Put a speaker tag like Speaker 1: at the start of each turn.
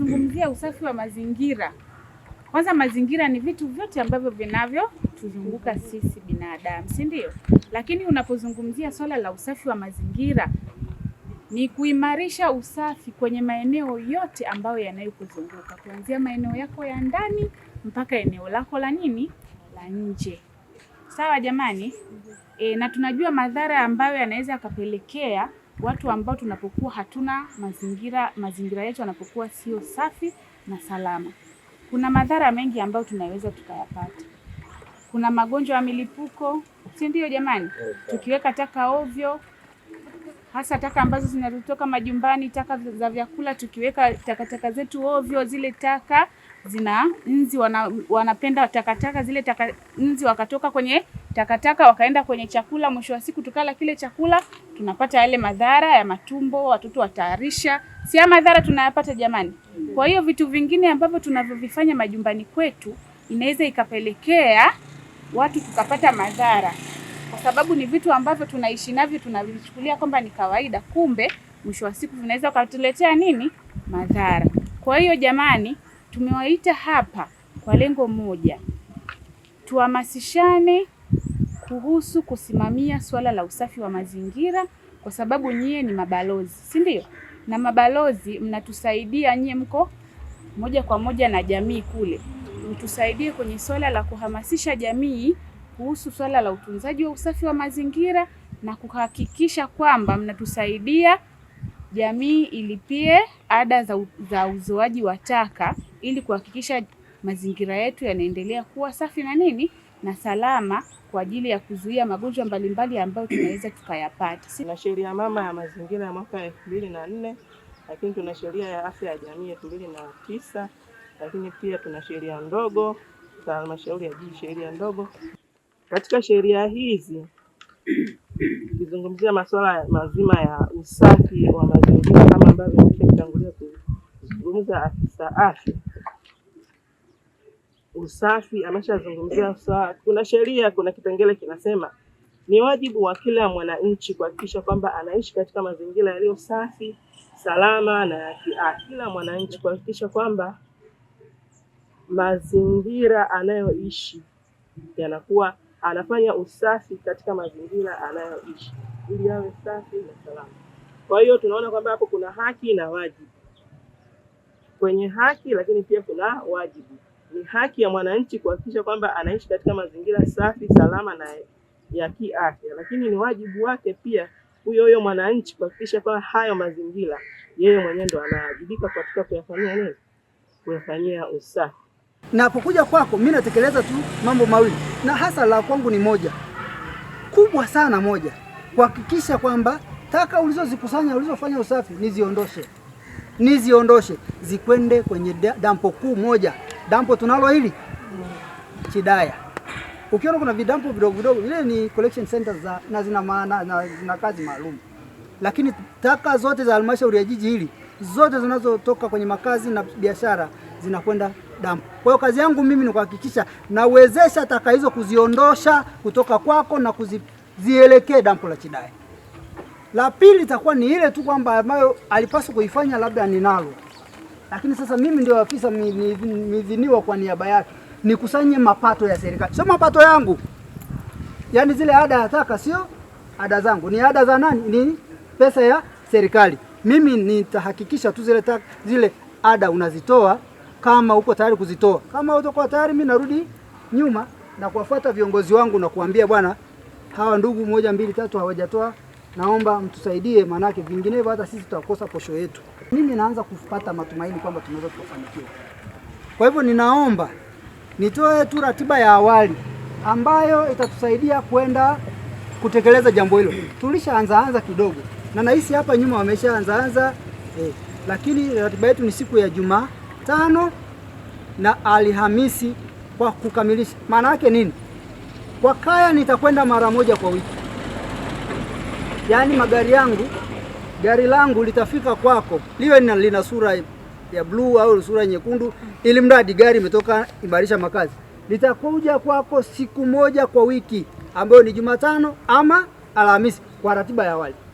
Speaker 1: tunapozungumzia usafi wa mazingira, kwanza mazingira ni vitu vyote ambavyo vinavyotuzunguka sisi binadamu, si ndio? Lakini unapozungumzia swala la usafi wa mazingira ni kuimarisha usafi kwenye maeneo yote ambayo yanayokuzunguka kuanzia maeneo yako ya ndani mpaka eneo lako la nini la nje. Sawa jamani? E, na tunajua madhara ambayo yanaweza yakapelekea watu ambao tunapokuwa hatuna mazingira, mazingira yetu yanapokuwa sio safi na salama, kuna madhara mengi ambayo tunaweza tukayapata. Kuna magonjwa ya milipuko, si ndio jamani? Tukiweka taka ovyo hasa taka ambazo zinatoka majumbani, taka za vyakula. Tukiweka takataka zetu ovyo, zile taka zina nzi wana, wanapenda takataka zile taka, nzi wakatoka kwenye takataka wakaenda kwenye chakula, mwisho wa siku tukala kile chakula, tunapata yale madhara ya matumbo, watoto wataharisha, si ya madhara tunayapata jamani. Kwa hiyo vitu vingine ambavyo tunavyovifanya majumbani kwetu inaweza ikapelekea watu tukapata madhara kwa sababu ni vitu ambavyo tunaishi navyo, tunavichukulia kwamba ni kawaida, kumbe mwisho wa siku vinaweza ukatuletea nini madhara. Kwa hiyo jamani, tumewaita hapa kwa lengo moja, tuhamasishane kuhusu kusimamia swala la usafi wa mazingira, kwa sababu nyie ni mabalozi, si ndio? Na mabalozi mnatusaidia nyie, mko moja kwa moja na jamii kule, mtusaidie kwenye swala la kuhamasisha jamii kuhusu swala la utunzaji wa usafi wa mazingira na kuhakikisha kwamba mnatusaidia jamii ilipie ada za, za uzoaji wa taka ili kuhakikisha mazingira yetu yanaendelea kuwa safi na nini na salama kwa ajili ya kuzuia magonjwa mbalimbali ambayo tunaweza tukayapata.
Speaker 2: Tuna sheria mama ya mazingira ya mwaka elfu mbili na nne lakini tuna sheria ya afya ya jamii elfu mbili na tisa lakini pia tuna sheria ndogo za halmashauri ya jiji sheria ndogo katika sheria hizi ukizungumzia masuala mazima ya usafi wa mazingira kama ambavyo nimeshatangulia kuzungumza afisa afya usafi ameshazungumzia. Saa kuna sheria, kuna kipengele kinasema ni wajibu wa kila mwananchi kuhakikisha kwamba anaishi katika mazingira yaliyo safi, salama na ya kiafya. Kila mwananchi kuhakikisha kwamba mazingira anayoishi yanakuwa anafanya usafi katika mazingira anayoishi ili yawe safi na salama. Kwa hiyo tunaona kwamba hapo kuna haki na wajibu. Kwenye haki lakini pia kuna wajibu. Ni haki ya mwananchi kuhakikisha kwamba anaishi katika mazingira safi, salama na ya kiafya, lakini ni wajibu wake pia huyo huyo mwananchi kuhakikisha kwamba hayo mazingira yeye mwenyewe ndo anawajibika katika kuyafanyia nini, kuyafanyia usafi.
Speaker 3: Napokuja kwako, mimi natekeleza tu mambo mawili na hasa la kwangu ni moja kubwa sana, moja kuhakikisha kwamba taka ulizozikusanya ulizofanya usafi niziondoshe, niziondoshe zikwende kwenye dampo kuu moja, dampo tunalo hili Chidaya. Ukiona kuna vidampo vidogo vidogo, ile ni collection centers za na zina maana na zina kazi maalum, lakini taka zote za halmashauri ya jiji hili zote zinazotoka kwenye makazi na biashara zinakwenda damu. Kwa hiyo kazi yangu mimi ni kuhakikisha nawezesha taka hizo kuziondosha kutoka kwako na kuzielekee dampo la Chidai. La pili itakuwa ni ile tu kwamba ambayo alipaswa kuifanya labda ninalo, lakini sasa mimi ndio afisa midhiniwa kwa niaba yake nikusanye mapato ya serikali, sio mapato yangu. Yaani zile ada ya taka sio ada zangu, ni ada za nani? Ni pesa ya serikali. Mimi nitahakikisha tu zile taka, zile ada unazitoa kama uko tayari kuzitoa. Kama utakuwa tayari, mimi narudi nyuma na kuwafuata viongozi wangu na kuambia, bwana, hawa ndugu moja mbili tatu hawajatoa, naomba mtusaidie, maanake vinginevyo hata sisi tutakosa posho yetu. Mimi naanza kupata matumaini kwamba tunaweza tukafanikiwa. Kwa hivyo ninaomba nitoe tu ratiba ya awali ambayo itatusaidia kwenda kutekeleza jambo hilo. Tulishaanzaanza kidogo na nahisi hapa nyuma wameshaanzaanza eh, lakini ratiba yetu ni siku ya Jumaa Jumatano na Alhamisi kwa kukamilisha. Maana yake nini? Kwa kaya nitakwenda mara moja kwa wiki, yaani magari yangu gari langu litafika kwako liwe lina sura ya bluu au sura nyekundu, ili mradi gari imetoka Imarisha Makazi, litakuja kwako siku moja kwa wiki ambayo ni Jumatano ama Alhamisi kwa ratiba ya awali.